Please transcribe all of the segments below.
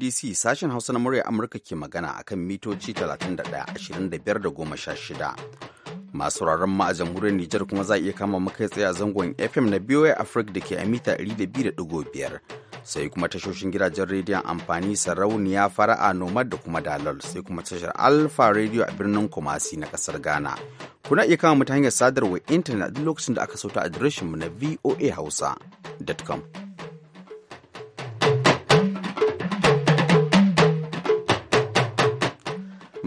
DC sashen Hausa na murya Amurka ke magana akan mitoci 31, 25 shida Masu rarren ma a jamhuriyar Nijar kuma za a iya kama muka tsaye a zangon FM na BOA Africa da ke a mita 200.5. Sai kuma tashoshin gidajen rediyon amfani sarauniya fara'a nomad da kuma dalol sai kuma tashar Alfa Radio a birnin Kumasi na kasar Ghana. Kuna iya kama mu ta hanyar sadarwar intanet duk lokacin da aka sauta adireshinmu na voahausa.com.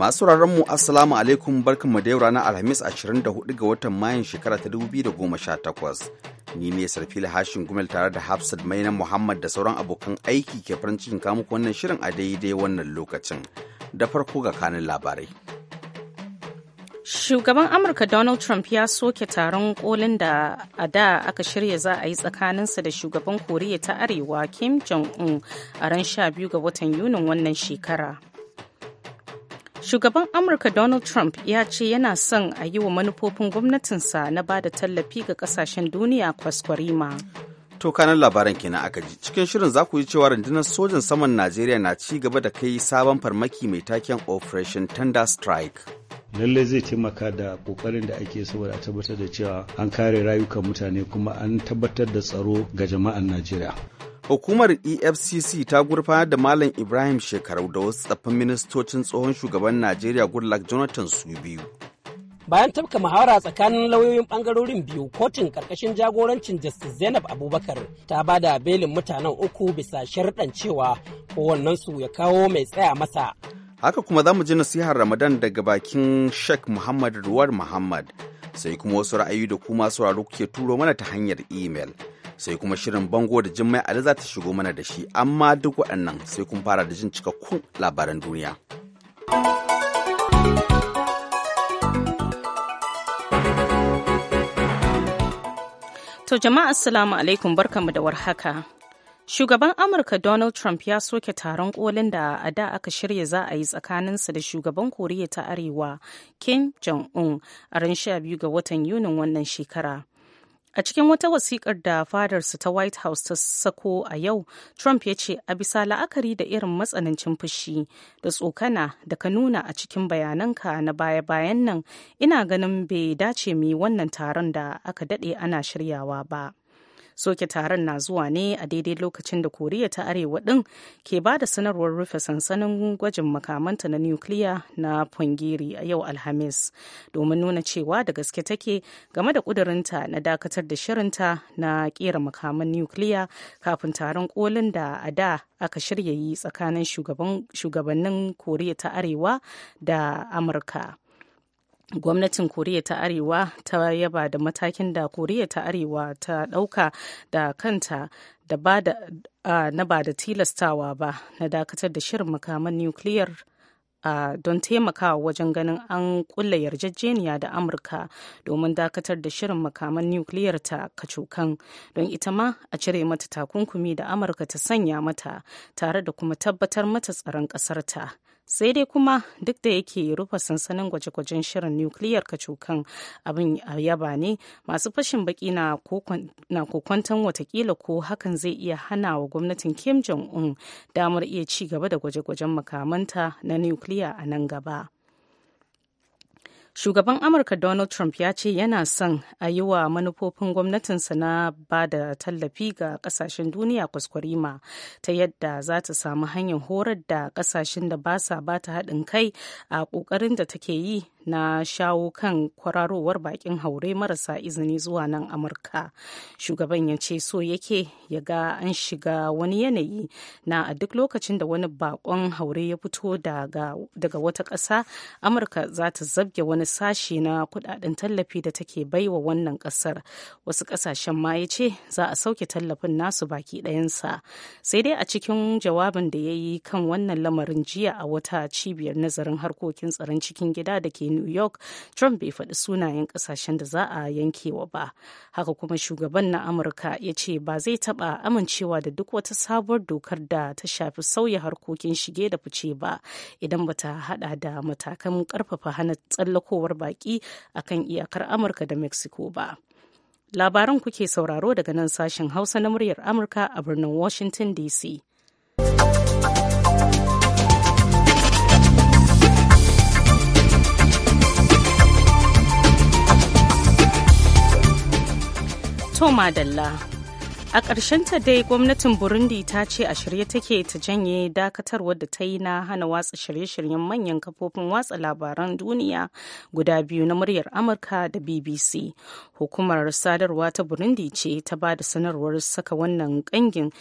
Masu mu Assalamu alaikum barkan barkanmu da yau ranar Alhamis 24 ga watan Mayun shekara ta 2018. Ni ne Sarfila Hashin Gumel tare da Hafsat Maina Muhammad da sauran abokan aiki ke farin cikin muku wannan shirin a daidai wannan lokacin. Da farko ga kanin labarai. Shugaban Amurka Donald Trump ya soke taron kolin da a da aka shirya za a yi tsakaninsa da shugaban Koriya ta Arewa Kim Jong-un a ran 12 ga watan Yunin wannan shekara. Shugaban Amurka Donald Trump ya ce yana son a yi wa manufofin gwamnatinsa na ba da tallafi ga kasashen duniya kwaskwarima. To kanan labaran kenan aka ji. Cikin shirin za ku yi cewa rundunar sojan saman Najeriya na ci gaba da kai sabon farmaki mai taken Operation Thunder Strike. Lallai zai taimaka da kokarin da ake saboda a tabbatar da cewa an kare rayukan mutane kuma an tabbatar da tsaro ga jama'an Najeriya. Hukumar EFCC ta gurfanar da Malam Ibrahim shekaru da wasu tsaffin ministocin tsohon shugaban Najeriya Goodluck Jonathan su biyu. bayan tafka muhawara tsakanin lauyoyin bangarorin biyu kotun karkashin jagorancin justice zainab abubakar ta ba da belin mutanen uku bisa sharɗan cewa su ya kawo mai tsaya masa haka kuma za mu ji nasihar ramadan daga bakin sheikh muhammad ruwar muhammad sai kuma wasu ra'ayi da kuma sauraro kuke turo mana ta hanyar email sai kuma shirin bango da jimmai ali za ta shigo mana da shi amma duk waɗannan sai kun fara da jin cikakkun labaran duniya. To jama'a assalamu alaikum barkamu da warhaka. Shugaban Amurka Donald Trump ya soke taron kolin da a da aka shirya za a yi tsakaninsa da shugaban Koriya ta Arewa Kim Jong-un a ran 12 ga watan Yunin wannan shekara. A cikin wata wasikar da fadarsa ta White House ta sako a yau, Trump ya ce a bisa la'akari da irin matsanancin fushi da tsokana da ka nuna a cikin bayananka na baya-bayan nan, ina ganin bai dace mai wannan taron da aka daɗe ana shiryawa ba. soke taron na zuwa ne a daidai lokacin da koriya ta arewa din ke ba da sanarwar rufe sansanin gwajin makamanta na nukiliya na pungiri a yau alhamis domin nuna cewa da gaske take game da kudurinta na dakatar da shirinta na kera makaman nukiliya kafin taron kolin da a da aka shirya yi tsakanin shugabannin koriya ta arewa da amurka gwamnatin koriya ta arewa ta yaba da matakin da koriya ta arewa ta dauka da kanta da ba da na ba da tilastawa ba na dakatar da shirin makaman nukiliyar Uh, don taimakawa wajen ganin an kulla yarjejeniya da amurka domin dakatar da shirin makaman nukiliyar ta kacokan don ita ma a cire mata takunkumi da amurka ta sanya mata tare da kuma tabbatar mata tsaron ƙasarta sai dai kuma duk da yake rufe sansanin gwaje-gwajen shirin nukiliyar kacokan abin yaba ne masu fashin baki na kokwantan watakila ko hakan zai iya hana wa gwamnatin kim jong-un damar iya ci gaba da gwaje-gwajen makamanta na nukiliya a nan gaba. Shugaban Amurka Donald Trump ya ce yana son a yi wa manufofin gwamnatinsa na ba da tallafi ga kasashen duniya kwaskwarima ta yadda za ta samu hanyar horar da kasashen da ba sa ba ta haɗin kai a ƙoƙarin da take yi na shawo kan kwararowar bakin haure marasa izini zuwa nan amurka shugaban ya ce so yake ya ga an shiga wani yanayi na a duk lokacin da wani bakon haure ya fito daga wata ƙasa amurka za ta zabge wani sashe na kudaden tallafi da take baiwa wannan ƙasar wasu ƙasashen ma ya ce za a sauke tallafin nasu baki ɗayansa sai dai a cikin jawabin da ya yi kan wannan lamarin jiya a wata cibiyar nazarin harkokin tsaron cikin gida da ke New York, Trump bai faɗi sunayen ƙasashen da za a yankewa ba. Haka kuma shugaban na Amurka ya ce ba zai taɓa amincewa da duk wata sabuwar dokar da ta shafi sauya harkokin shige da fice ba idan ba ta haɗa da matakan ƙarfafa hana tsallakowar baƙi a kan iyakar Amurka da Mexico ba. Labaran kuke sauraro daga nan sashen Hausa na muryar Amurka a birnin Washington DC. To madalla. A ta dai gwamnatin Burundi ta ce a shirye take ta janye dakatarwar da ta yi na hana watsa shirye-shiryen manyan kafofin watsa labaran duniya guda biyu na muryar Amurka da BBC. Hukumar sadarwa ta Burundi ce ta ba da sanarwar saka wannan kangin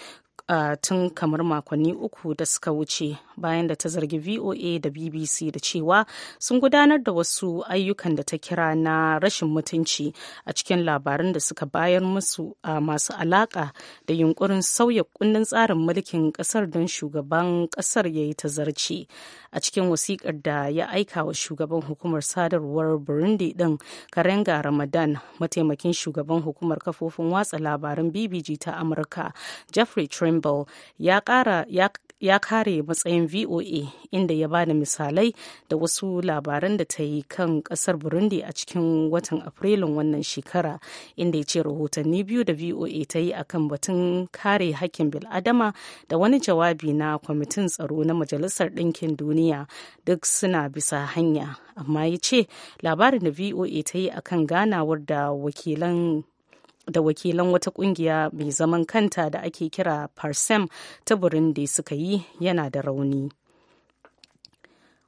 ah, tun kamar makonni uku da suka wuce bayan da ta zargi VOA da BBC da cewa sun gudanar da wasu ayyukan da ta kira na rashin mutunci a cikin labaran da suka bayar musu a masu alaka da yunkurin sauya kundin tsarin mulkin kasar don shugaban kasar ya yi zarce A cikin wasiƙar da ya aika wa shugaban hukumar sadarwar Burundi ɗin Karenga Ramadan mataimakin shugaban hukumar kafofin watsa labaran BBG ta Amurka Jeffrey Trimble ya kare matsayin shirin VOA inda ya bada misalai da wasu labaran da ta yi kan kasar Burundi a cikin watan Afrilun wannan shekara inda ya ce rahotanni biyu da VOA ta yi akan batun kare hakkin bil'adama da wani jawabi na kwamitin tsaro na Majalisar Ɗinkin Duniya duk suna bisa hanya amma ya ce labarin da VOA ta yi akan ganawar da wakilan da wakilan wata kungiya mai zaman kanta da ake kira parsem ta da suka yi yana da rauni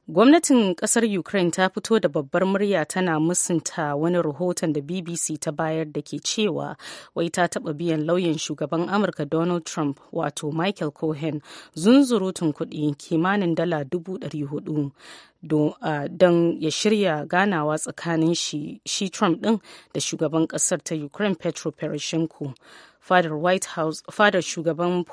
Gwamnatin kasar Ukraine ta fito da babbar murya tana musunta wani rahoton da BBC ta bayar da ke cewa wai ta taɓa biyan lauyan shugaban Amurka Donald Trump wato Michael Cohen zunzurutun kuɗi kimanin dala dubu ɗari hudu don ya shirya ganawa tsakanin shi Trump ɗin da shugaban ƙasar ta Ukraine Petro Poroshenko. Fadar White House, fadar shugaban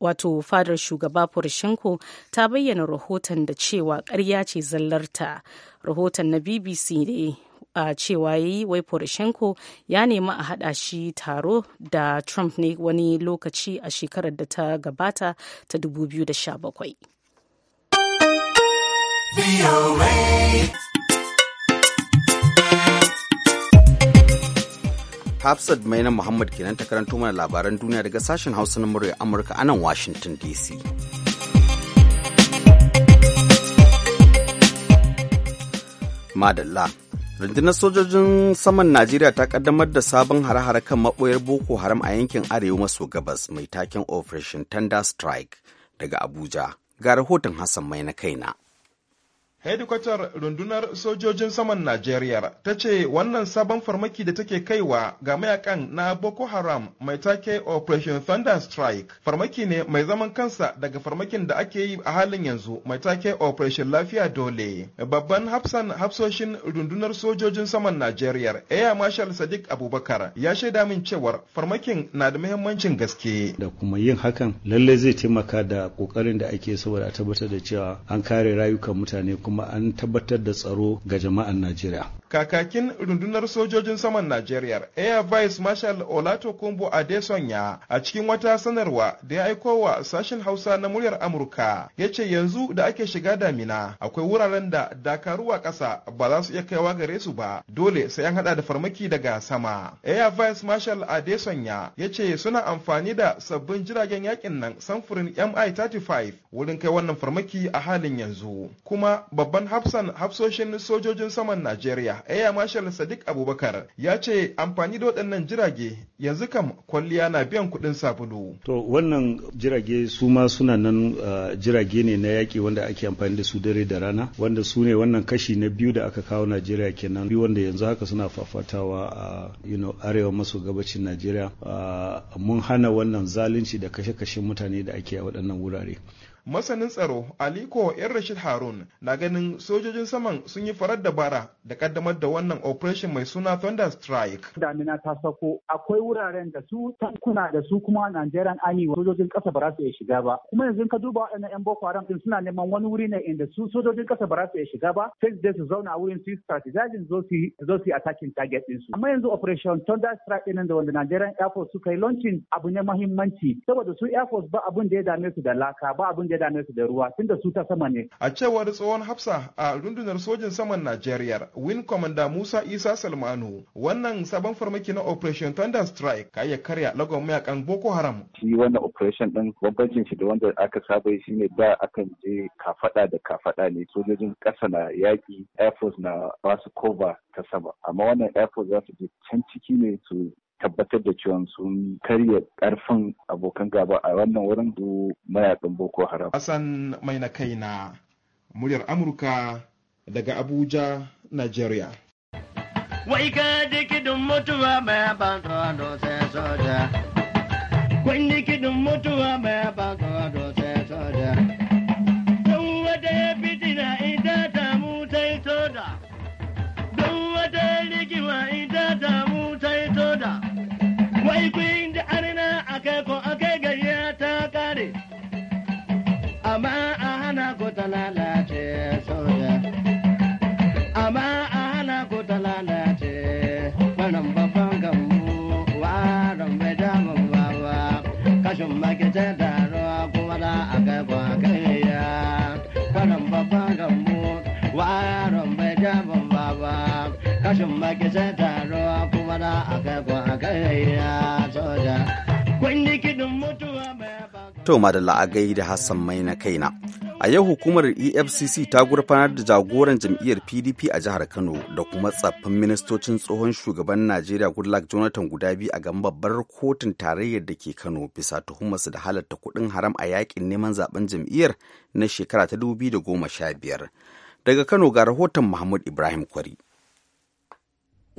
wato fadar shugaba Poroshenko ta bayyana rahoton da cewa ƙarya ce zallarta. Rahoton na BBC ne a cewa ya yi wai Poroshenko ya nemi a haɗa shi taro da Trump ne wani lokaci a shekarar da ta gabata ta 2017. Hafsat Maina Muhammad kenan ta karanto mana labaran duniya daga sashen Hausa na murya Amurka a nan Washington DC. Madalla. Rundunar sojojin saman Najeriya ta kaddamar da sabon hare-hare kan maɓoyar Boko Haram a yankin Arewa maso gabas mai taken Operation Thunder Strike daga Abuja. Ga rahoton Hassan mai na kaina. hedikwatar rundunar sojojin saman Najeriya ta ce wannan sabon farmaki da take kaiwa ga mayakan na Boko Haram mai take Operation Thunder Strike farmaki ne mai zaman kansa daga farmakin da ake yi a halin yanzu mai take Operation Lafiya Dole. Babban hafsan hafsoshin rundunar sojojin saman Najeriya Air Marshal Sadiq Abubakar ya shaida min cewar farmakin na da muhimmancin gaske. Da kuma yin hakan lallai zai taimaka da ƙoƙarin da ake saboda a tabbatar da cewa an kare rayukan mutane kuma kuma an tabbatar da tsaro ga jama'an Najeriya. kakakin rundunar sojojin saman Najeriya Air Vice Marshal Olatokunbo Adesanya, a cikin wata sanarwa da ya aiko wa sashen Hausa na muryar Amurka ya ce yanzu da ake shiga damina akwai wuraren da dakaruwa ƙasa ba za su iya kaiwa gare su ba dole sai an hada da farmaki daga sama. Air Vice Marshal Adesanya ya ce suna amfani da sabbin jiragen yakin nan samfurin MI-35 wurin kai wannan farmaki a halin yanzu. Kuma babban hafsan hafsoshin sojojin saman Najeriya Air Marshal Sadiq Abubakar ya ce amfani da waɗannan jirage yanzu kam kwalliya na biyan kuɗin sabulu. To wannan jirage su ma suna nan uh, jirage ne na yaƙi wanda ake amfani da su dare da rana wanda su ne wannan kashi na biyu da aka kawo Najeriya kenan biyu wanda yanzu haka suna fafatawa a you know, arewa maso gabacin Najeriya uh, mun hana wannan zalunci da kashe-kashen mutane da ake a waɗannan wurare. masanin tsaro aliko yan rashid harun na ganin sojojin saman sun yi farar dabara da kaddamar da wannan operation mai suna thunder strike damina ta sako akwai wuraren da su tankuna da su kuma nigerian army sojojin kasa ba za su iya shiga ba kuma yanzu ka duba waɗannan yan boko haram din suna neman wani wuri ne inda su sojojin kasa ba za su iya shiga ba sai su su zauna a wurin su strategizing zo su su attacking target din su amma yanzu operation thunder strike din da wanda Najeriya air force suka yi launching abu ne mahimmanci saboda su air force ba abun da ya dame su da laka ba abun da ya da ruwa tunda su ta sama ne. A cewar tsohon Hafsa a rundunar sojin saman Najeriya, Win Commander Musa Isa Salmanu, wannan sabon farmaki na Operation Thunder Strike ka iya karya lagon mayakan Boko Haram. Shi wannan operation ɗin bambancin shi da wanda aka saba shi ne da akan je kafada da kafada ne sojojin ƙasa na yaƙi Air Force na basu cover ta sama amma wannan Air Force za su je can ciki ne su tabbatar da cewa sun karya karfin abokan gaba a wannan wurin su mayakan boko haram hassan mai na kai na muryar amurka daga abuja nigeria wai ka da kidin mutuwa mai ban tsoro soja kwan da kidin mutuwa mai ban tsoro soja wata ya fitina ita ta wai kun ji arna akai ko akai gayya ta kare amma a hana ko ta lalace soja amma a hana ko ta lalace wannan babban gambo waron bai damun baba kashin makita da ruwa kuma da akai ko akai ya wannan babban gambo waron bai damun baba kashin makita da fada a kai ko Hassan mai na kaina. A yau hukumar EFCC ta gurfanar da jagoran jam'iyyar PDP a jihar Kano da kuma tsaffin ministocin tsohon shugaban Najeriya Goodluck Jonathan guda biyu a gaban babbar kotun tarayyar da ke Kano bisa tuhumarsu da halatta kuɗin haram a yakin neman zaben jam'iyyar na shekara ta 2015. Daga Kano ga rahoton Mahmud Ibrahim Kwari.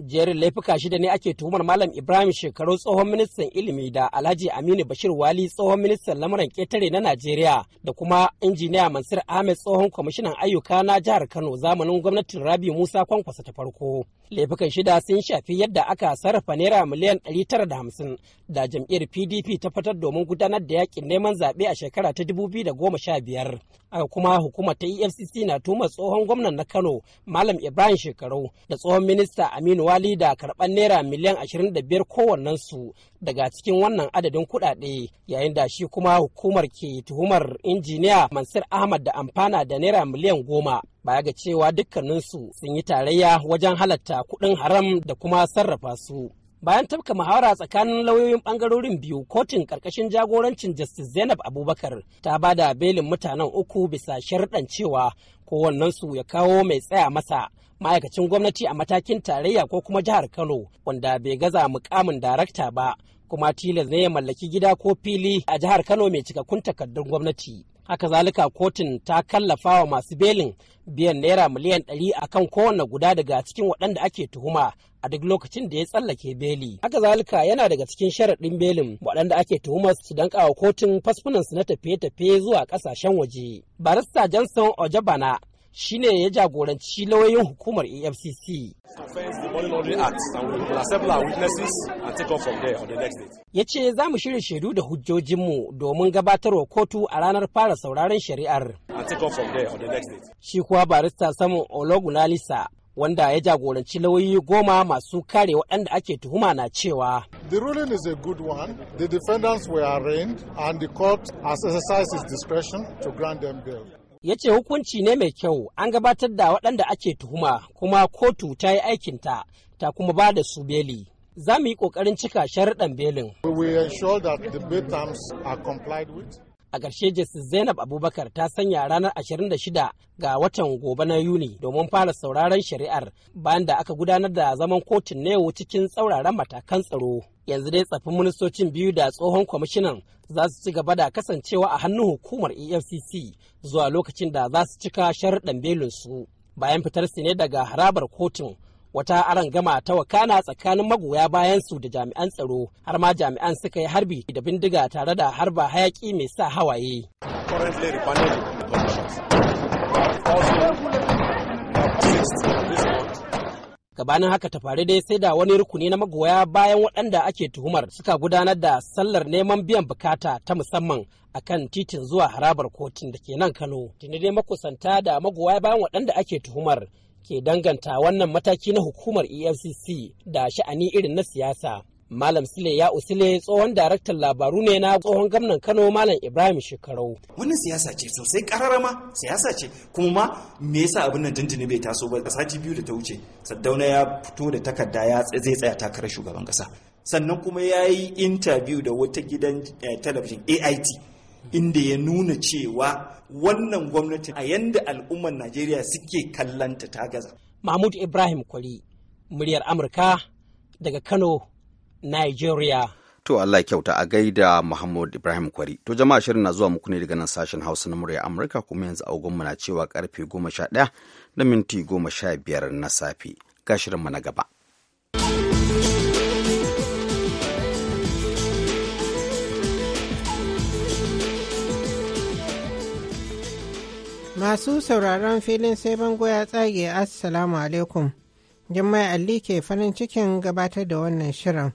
jerin laifuka shida ne ake tuhumar malam ibrahim shekaru tsohon ministan ilimi da alhaji aminu bashir wali tsohon ministan lamuran ketare na najeriya da kuma injiniya mansur ahmed tsohon kwamishinan ayyuka na jihar kano zamanin gwamnatin rabi musa kwankwasa ta farko laifukan shida sun shafi yadda aka sarrafa naira miliyan 950 da jam'iyyar pdp ta fitar domin gudanar da yakin neman zaɓe a shekara ta 2015 aka kuma hukumar ta efcc na tuma tsohon gwamnan na kano malam ibrahim shekaru da tsohon minista aminu wali da karɓar naira miliyan 25 kowannensu daga cikin wannan adadin kuɗaɗe yayin da shi kuma hukumar ke tuhumar injiniya Mansir ahmad da amfana da naira miliyan goma baya ga cewa dukkaninsu sun yi tarayya wajen halatta kudin haram da kuma sarrafa su. Bayan tafka muhawara tsakanin lauyoyin bangarorin biyu kotun karkashin jagorancin Justice Zainab Abubakar ta ba da belin mutanen uku bisa sharɗan cewa kowannensu ya kawo mai tsaya masa ma'aikacin gwamnati a matakin tarayya ko kuma jihar Kano wanda bai gaza mukamin darakta ba kuma tilas ne ya mallaki gida ko fili a jihar Kano mai cikakkun takardun gwamnati. haka zalika kotun ta kallafa wa masu belin biyan naira miliyan ɗari akan kowane guda daga cikin waɗanda ake tuhuma a duk lokacin da ya tsallake beli haka zalika yana daga cikin sharaɗin belin waɗanda ake tuhumar su dan kawo kotun fasfunan su na tafiye-tafiye zuwa ƙasashen waje barista johnson ojabana shine ya jagoranci lauyoyin hukumar AFCC. Ya ce za mu shirya shaidu da hujjojinmu domin gabatarwa kotu a ranar fara sauraron shari'ar. Shi kuwa barista samun Ologunalisa wanda ya jagoranci lauyoyi goma masu kare waɗanda ake tuhuma na cewa. The ruling is a good one. The defendants were arraigned and the court has exercised its discretion to grant them bail. ya ce hukunci ne mai kyau an gabatar da waɗanda ake tuhuma kuma kotu ta yi aikinta ta kuma ba da su beli za mu yi ƙoƙarin cika sharaɗan belin. a ƙarshe Justice Zainab Abubakar ta sanya ranar 26 ga watan gobe na Yuni domin fara sauraron shari'ar bayan da aka gudanar da zaman kotun na yau cikin tsauraran matakan tsaro. Yanzu dai tsafin ministocin biyu da tsohon kwamishinan za su ci gaba da kasancewa a hannun hukumar EFCC zuwa lokacin da za su cika sharuɗan belinsu bayan fitar su ne daga harabar kotun. wata gama ta wakana tsakanin magoya bayan su da jami'an tsaro har ma jami'an suka yi harbi da bindiga tare da harba hayaki mai sa hawaye gabanin haka ta faru dai sai da wani rukuni na magoya bayan waɗanda ake tuhumar suka gudanar da sallar neman biyan bukata ta musamman a kan titin zuwa harabar kotun da ke nan kano tuni dai makusanta da magoya bayan waɗanda ake tuhumar ke danganta wannan mataki na hukumar efcc da sha'ani irin na siyasa malam sile ya usile tsohon daraktan labaru ne na tsohon gwamnan kano malam ibrahim shekarau wannan siyasa ce sosai kararama siyasa ce kuma ma me yasa abin nan dindini bai taso ba sati biyu da ta wuce saddauna ya fito da takarda ya zai tsaya takarar shugaban kasa sannan kuma ya yi intabiyu da wata gidan eh, talabijin ait inda ya nuna cewa wannan gwamnati a yadda al'ummar Najeriya suke kallanta ta gaza. Mahmud Ibrahim Kwari, muryar Amurka daga Kano, Nigeria. To Allah kyauta a gaida Mahmud Ibrahim Kwari. To jama'a shirin na zuwa muku ne daga nan sashen Hausa na muryar Amurka kuma yanzu agogonmu na cewa karfe goma sha ɗaya da minti goma sha biyar na safe. Ga shirinmu na gaba. Masu sauraron filin sai bango ya tsage Assalamu alaikum. Jummai Alli ke farin cikin gabatar da wannan shirin.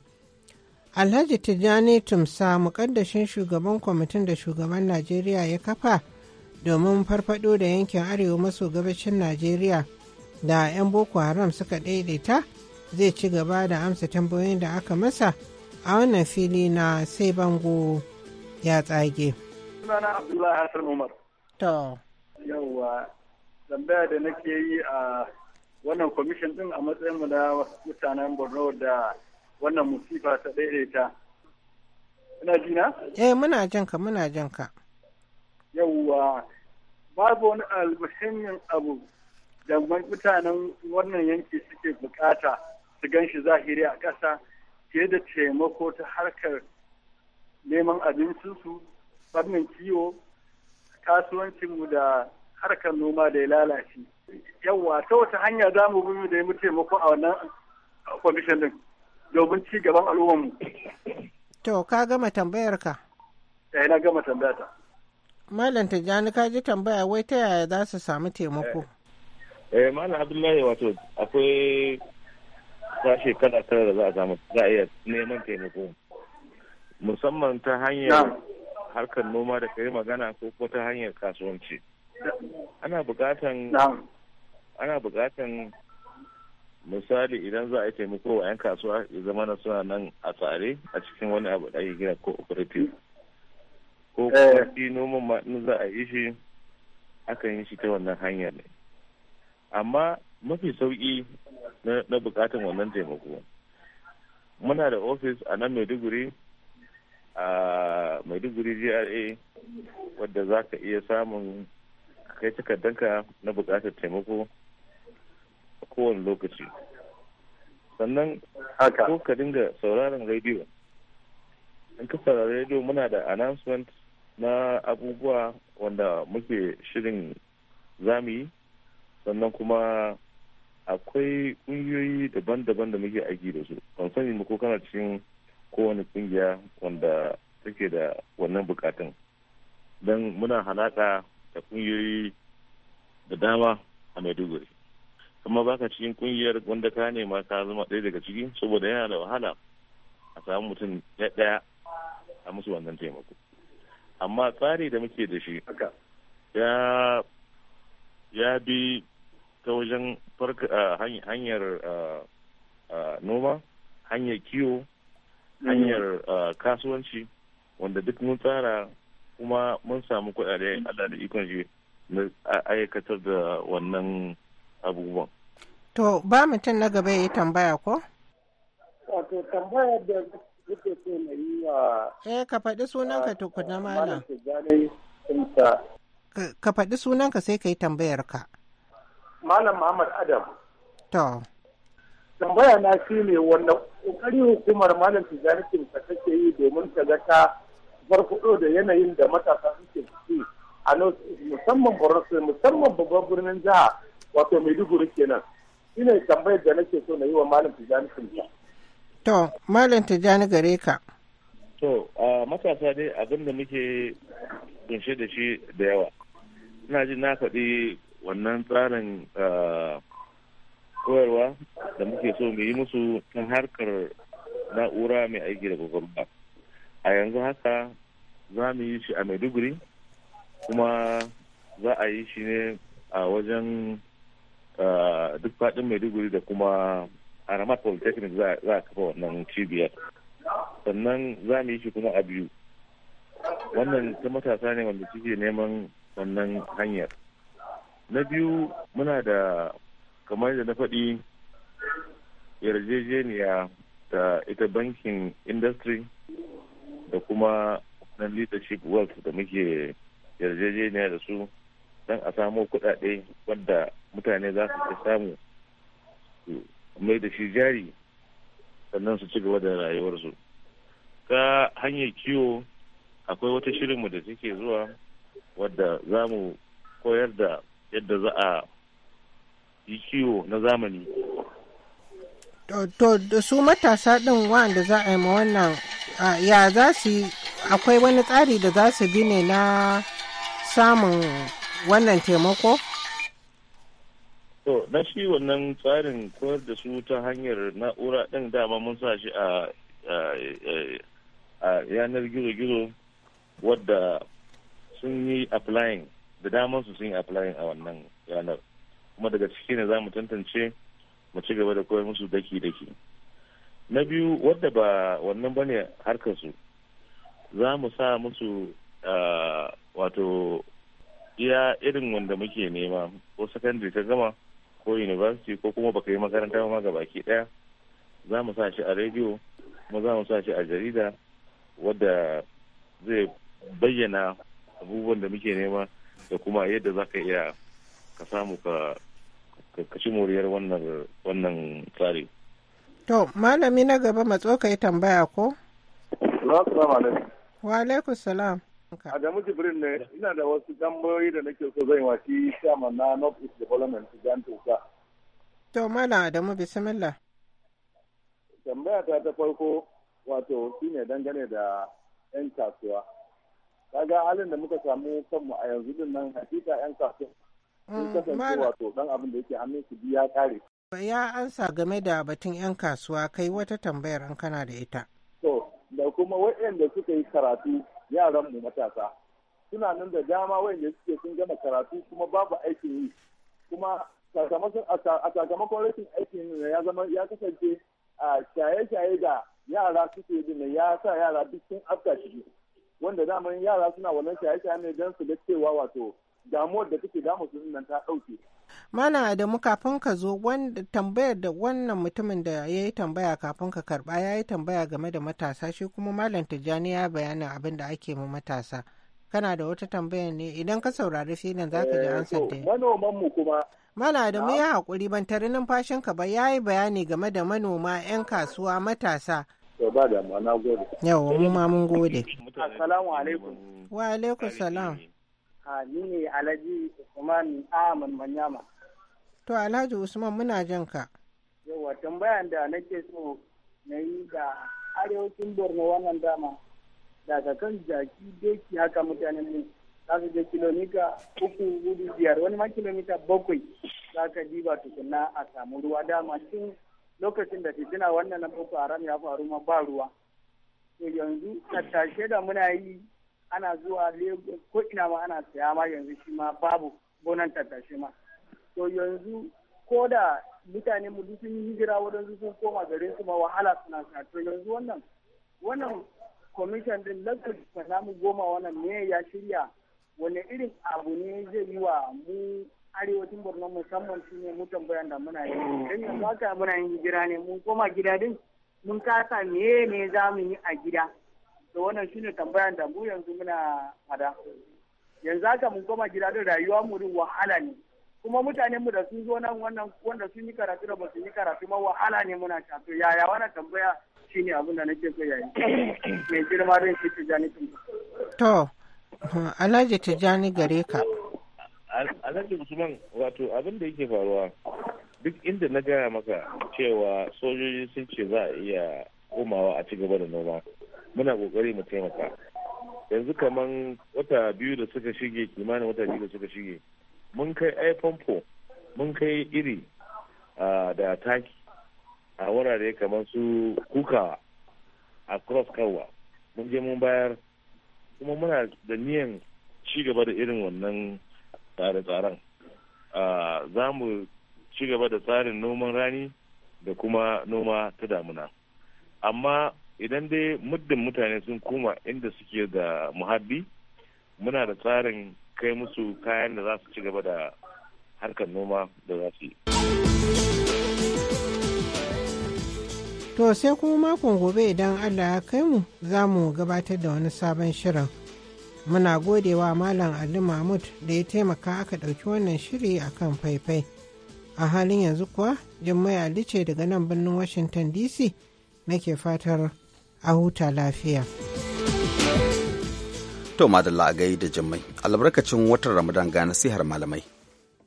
Alhaji Tijjani Tumsa mukaddashin shugaban kwamitin da shugaban Najeriya ya kafa domin farfado da yankin arewa maso gabashin Najeriya da 'yan Boko Haram suka daidaita zai ci gaba da amsa tambayoyin da aka masa a wannan fili na sai bango ya tsage. Sunana Abdullahi Hassan Umar. yawwa tambaya da nake yi a wannan kwamishin din a matsayin mu na mutanen borno da wannan musifa ta daidaita ina jina? eh muna jinka muna jinka yawwa babu wani almuhimmin abu da mutanen wannan yanki suke bukata su gan shi zahiri a ƙasa ke da taimako ta harkar neman abincinsu fannin kiwo kasuwancinmu da harkar noma da ya lalace Yawwa ta wata hanya za mu gumi da ya taimako a wannan kwamishin din domin ci gaban al'ummarmu to ka gama tambayar ka eh na gama tambayata malam tijjani ka ji tambaya wai ta yaya za su samu taimako eh, eh malam abdullahi wato akwai sashe kada kada da za a samu za a iya neman taimako musamman ta hanyar harkar noma da kai magana ko ko ta hanyar kasuwanci ana bukatan ana bukatan misali idan za a yi taimako wa 'yan kasuwa ya zama na suna nan a tsare a cikin wani abu da ake gina operative. ko kuma eh. shi noman ma in za a yi shi akan yi shi ta wannan hanyar. ne amma mafi sauƙi na bukatan wannan taimako muna da ofis a nan maiduguri a maiduguri gra wadda za ka iya samun kai takardanka na bukatar taimako a kowane lokaci sannan ko ka dinga sauraron rediyo in ka saurari rediyo muna da announcement na abubuwa wanda muke shirin zamu yi sannan kuma akwai ƙungiyoyi daban-daban da muke aiki da su ban sani ko kana cikin kowane kungiya wanda take da wannan bukatun don muna halaka da kungiyoyi da dama a maiduguri kuma baka cikin kungiyar wanda ka nema ka zama ɗaya daga ciki saboda yana da wahala a samu mutum ya ɗaya a musu wannan taimako amma tsari da muke da shi ya ya bi ta wajen hanyar noma hanyar kiwo hanyar uh, kasuwanci wanda duk mun tsara kuma mun samu kuɗaɗe mm. Allah da ikon shi na aikatar da wannan abubuwan. To ba mutum na gaba ya yi tambaya ko? Wato tambaya da kuke so na yi wa. Eh ka faɗi sunanka tukuna mala. Ka faɗi sunanka sai ka yi tambayar ka. Malam Muhammad Adam. To. tambaya na shi ne wanda kokari hukumar malam tijjani kimsa take yi domin ta ga ta farfaɗo da yanayin da matasa suke ciki a musamman borosu musamman babban birnin jiha wato maiduguri kenan shi ne tambayar da nake so na yi wa malam tijjani kimsa. to malam tijjani gare ka. to matasa dai abin da muke kunshe da shi da yawa ina ji na faɗi wannan tsarin koyarwa da muke so mu yi musu kan harkar na'ura mai aiki da kwakwalwa a yanzu haka za mu yi shi a maiduguri kuma za a yi shi ne a wajen duk faɗin maiduguri da kuma a ramat polytechnic za a kafa wannan cibiyar sannan za mu yi shi kuma a biyu wannan ta matasa ne wanda suke neman wannan hanyar na biyu muna da kamar da na faɗi yarjejeniya ta ita bankin industry da kuma na leadership world da muke yarjejeniya da su don a samo kudade wadda mutane za su samu mai da shi jari sannan su ci gaba da rayuwarsu ta hanyar kiwo akwai wata shirinmu da suke zuwa wadda za mu koyar da yadda za a yi kiwo na zamani to da su matasa ɗin wanda za a yi ma wannan ya za su akwai wani tsari da za su bi na samun wannan taimako? To, na shi wannan tsarin koyar da su ta hanyar na'ura ɗin dama mun sa shi a yanar gizo-gizo wadda sun yi applying da damansu sun yi applying a wannan yanar. kuma daga ciki ne za mu tantance mu ci gaba da koyar musu daki-daki na biyu wadda ba wannan ba ne harkarsu za mu sa musu wato iya irin wanda muke nema ko secondary ta gama ko university ko kuma baka yi makaranta ma ga baki daya za mu sa shi a rediyo kuma za mu sa shi a jarida wadda zai bayyana abubuwan da muke nema da kuma yadda za ka iya ka samu ka ci moriyar wannan tsari to malami na gaba matso ka yi tambaya ko wa alaikum salam Adamu Jibril ne ina da wasu tambayoyi da nake so zan wa shi chairman na North East Development Jan Toka. To Malam Adamu bismillah. Tambaya ta ta farko wato shine dangane da 'yan kasuwa. Kaga halin da muka samu kanmu a yanzu din nan hakika 'yan kasuwa Ah, kasance wato dan abin da yake hannun su biya kare ya ansa game da batun 'yan kasuwa kai wata tambayar an kana da ita to da kuma waɗanda suka yi karatu yaran mu matasa suna nan da dama waɗanda suke sun gama karatu kuma babu aikin yi kuma a sakamakon rashin aikin ya zama ya kasance a shaye-shaye da yara suke yi ya sa yara duk sun afka shi wanda daman yara suna wannan shaye-shaye ne don su ga cewa wato damuwar da take damu su nan ta dauke. Mana Adamu kafin ka zo tambayar da wannan mutumin da ya yi tambaya kafin ka karba ya yi tambaya game da matasa shi kuma Malam Tijjani ya bayana abin da ake mu matasa. Kana da wata tambaya ne idan ka saurari filin za ka ji eh, ansar ta. Manoman mu kuma. Mana Adamu ya haƙuri ban tare numfashin ka ba ya yi bayani game da manoma 'yan kasuwa matasa. To ba da ma na gode. Yawa mu ma mun gode. Assalamu alaikum. Wa alaikum salam. ni ne alhaji usman ahmad manyama to alhaji usman muna jan ka yawa tambayan da nake so na yi da arewacin borno wannan dama daga kan jaki doki haka mutanen ne za su je kilomita uku gudu biyar wani ma kilomita bakwai za ka diba tukuna a samu ruwa dama tun lokacin da titina wannan na boko haram ya faru ma ba ruwa to yanzu tattashe da muna yi ana zuwa ko ina ma ana saya ma yanzu shi ma babu gonan tattashe ma to yanzu ko da mutane mu duk sun hijira wajen sun koma gare su ma wahala suna sa to yanzu wannan wannan commission din lantarki ta namu goma wannan ne ya shirya wani irin abu ne zai yi wa mu arewacin borno musamman su ne mu tambayan da muna yi don yanzu haka muna yin hijira ne mun koma gida din mun kasa me ne za mu yi a gida to wannan shine tambayan da mu yanzu muna fada yanzu haka mun koma gida da rayuwa mu din wahala ne kuma mutanen mu da sun zo nan wannan wanda sun yi karatu da basu yi karatu ma wahala ne muna sha to yaya wannan tambaya shine abin da nake so yayi mai girma din shi tijani tun to Alhaji tijani gare ka. Alhaji Usman wato abin da yake faruwa duk inda na gaya maka cewa sojoji sun ce za a iya komawa a ci gaba da noma muna kokari mu taimaka yanzu kaman wata biyu da suka shige kimanin wata biyu da suka shige mun kai ai famfo mun kai iri da taki a wurare kamar su kukawa a cross kawa mun je mun bayar kuma muna da niyan ci gaba da irin wannan tsare-tsaren za mu ci gaba da tsarin noman rani da kuma noma ta damuna amma idan dai muddin mutane sun koma inda suke da muhabbi muna da tsarin kai musu kayan da za su ci gaba da harkar noma da za su To sai kuma makon gobe idan Allah ya kai mu za mu gabatar da wani sabon shirin. Muna godewa Malam Ali Mahmud da ya taimaka aka ɗauki wannan shiri a kan faifai. A halin yanzu kuwa, Jummai Ali ce daga nan birnin Washington DC nake fatar a huta lafiya. To madalla a da jimmai albarkacin watan Ramadan ga nasihar malamai.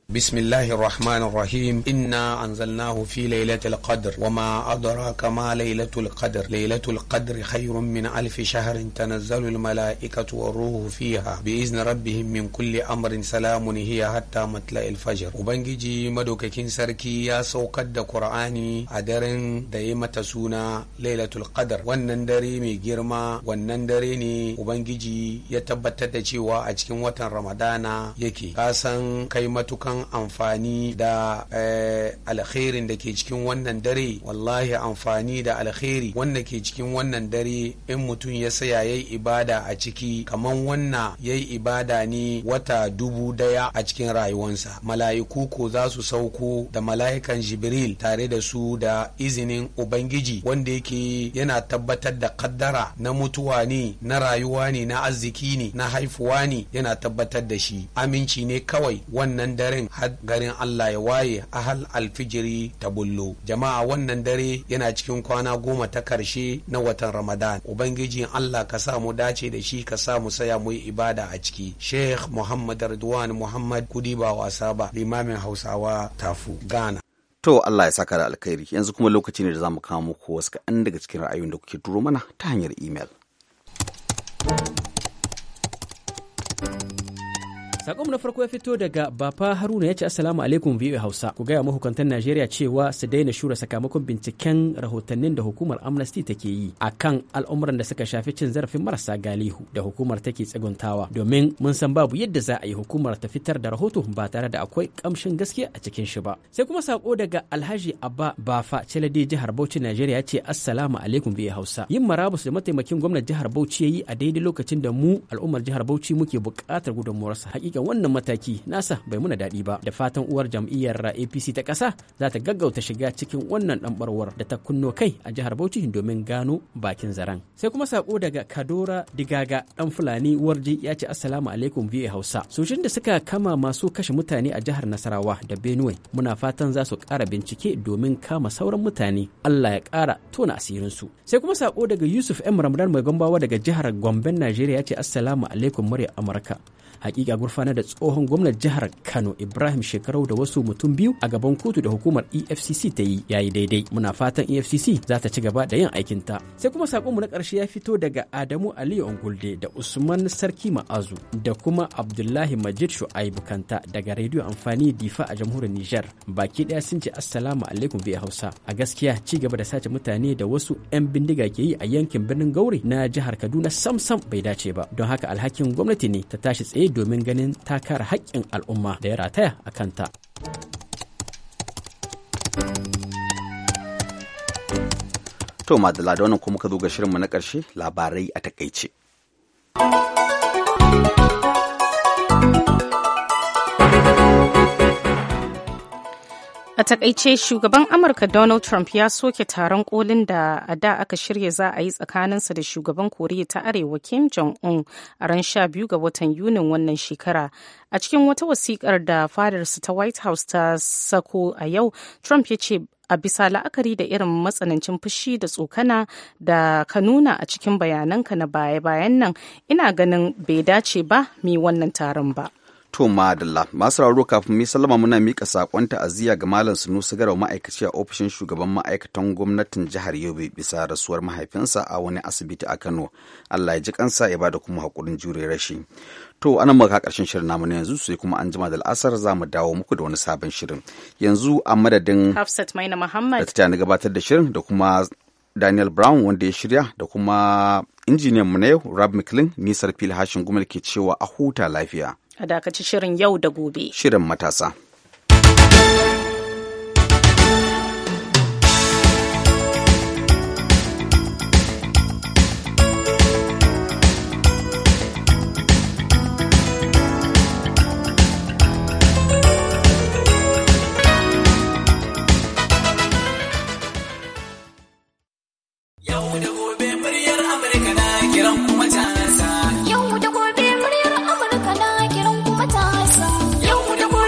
بسم الله الرحمن الرحيم إنا أنزلناه في ليلة القدر وما أدراك ما ليلة القدر ليلة القدر خير من ألف شهر تنزل الملائكة والروح فيها بإذن ربهم من كل أمر سلام هي حتى مطلع الفجر وبنجي مدوككين سركي يا سوكد قرآني أدرن دائمة سونا ليلة القدر والنندري مي جرما والنندري ني وبنجي يتبتت cewa a cikin watan ramadana yake kasan kai matukan an amfani da eh, alkhairin da ke cikin wannan dare wallahi amfani da alkhairi wanda ke cikin wannan dare in mutum ya saya yayi ibada a ciki kaman wannan yayi ibada ne wata dubu daya a cikin rayuwansa mala'iku ko za su sauko da mala'ikan jibril tare da su da izinin ubangiji wanda yake yana tabbatar da kaddara na mutuwa ne na rayuwa ne na arziki ne na haifuwa ne yana tabbatar da shi aminci ne kawai wannan daren har garin Allah ya waye ahal alfijiri ta bullo jama'a wannan dare yana cikin kwana goma ta karshe na watan Ramadan ubangiji Allah ka sa mu dace da shi ka sa mu saya mu yi ibada a ciki Sheikh Muhammad Ridwan Muhammad Kudiba wasa ba limamin Hausawa tafu Ghana To Allah ya saka da alkhairi yanzu kuma lokaci ne da za mu kawo muku wasu kaɗan daga cikin ra'ayoyin da kuke turo mana ta hanyar email. Sakon na farko ya fito daga Bapa Haruna ya ce Assalamu alaikum VOA Hausa. Ku gaya mahukuntan Najeriya cewa su daina shura sakamakon binciken rahotannin da hukumar Amnesty take yi a kan al'umuran da suka shafi cin zarafin marasa galihu da hukumar take tsaguntawa domin mun san babu yadda za a yi hukumar ta fitar da rahoto ba tare da akwai kamshin gaske a cikin shi ba. Sai kuma sako daga Alhaji Abba Bafa Celade jihar Bauchi Najeriya ya ce Assalamu alaikum VOA Hausa. Yin marabus da mataimakin gwamnan jihar Bauchi ya yi a daidai lokacin da mu al'ummar jihar Bauchi muke buƙatar gudunmuwarsa. Hakika ga wannan mataki nasa bai muna daɗi ba da fatan uwar jam'iyyar apc ta ƙasa za ta gaggauta shiga cikin wannan ɗanɓarwar da ta kunno kai a jihar bauchi domin gano bakin zaren sai kuma sako daga kadora digaga ɗan fulani warji ya ce assalamu alaikum biyu hausa sojin da suka kama masu kashe mutane a jihar nasarawa da benue muna fatan za su ƙara bincike domin kama sauran mutane allah ya ƙara tona asirinsu sai kuma sako daga yusuf m Ramadan mai gombawa daga jihar gomben najeriya ya ce assalamu alaikum murya amurka hakika gurfanar da tsohon gwamnan jihar kano ibrahim shekarau da wasu mutum biyu a gaban kotu da hukumar efcc ta yi yayi daidai muna fatan efcc za ta ci gaba da yin aikinta sai kuma sakonmu na karshe ya fito daga adamu aliyu ongulde da usman sarki ma'azu da kuma abdullahi majid shu'aib kanta daga rediyo amfani difa a jamhuriyar niger baki daya sun ce assalamu alaikum bi hausa a gaskiya ci gaba da sace mutane da wasu 'yan bindiga ke yi a yankin birnin gauri na jihar kaduna sam sam bai dace ba don haka alhakin gwamnati ne ta tashi tsaye domin ganin ta kare haƙƙin al'umma da ya rataya a kanta. To madala da wannan kuma ka zo ga shirinmu na ƙarshe labarai a takaice. A takaice shugaban Amurka Donald Trump ya soke taron kolin da a da aka shirya za a yi tsakaninsa da shugaban Koriya ta Arewa Kim Jong-un a ran biyu ga watan Yunin wannan shekara. A cikin wata wasikar da fadarsa ta White House ta sako a yau, Trump ya ce a bisa la'akari da irin matsanancin fushi da tsokana da ka nuna a cikin bayananka na baya-bayan nan ina ganin bai dace ba mai wannan taron ba. To madalla masu rauro kafin mai salama muna mika sakon ta'aziyya ga Malam Sunu Garau ma'aikaci a ofishin shugaban ma'aikatan gwamnatin jihar Yobe bisa rasuwar mahaifinsa a wani asibiti a Kano. Allah ya ji kansa ya bada kuma hakurin jure rashi. To anan muka karshen shirin namu na yanzu sai kuma an jima da al'asar za mu dawo muku da wani sabon shirin. Yanzu a madadin Hafsat Maina Muhammad da ta gabatar da shirin da kuma Daniel Brown wanda ya shirya da kuma injiniyan mu na yau Rob McLean nisar Sarfil hashin gumal ke cewa a huta lafiya. A dakaci shirin yau da gobe. Shirin matasa.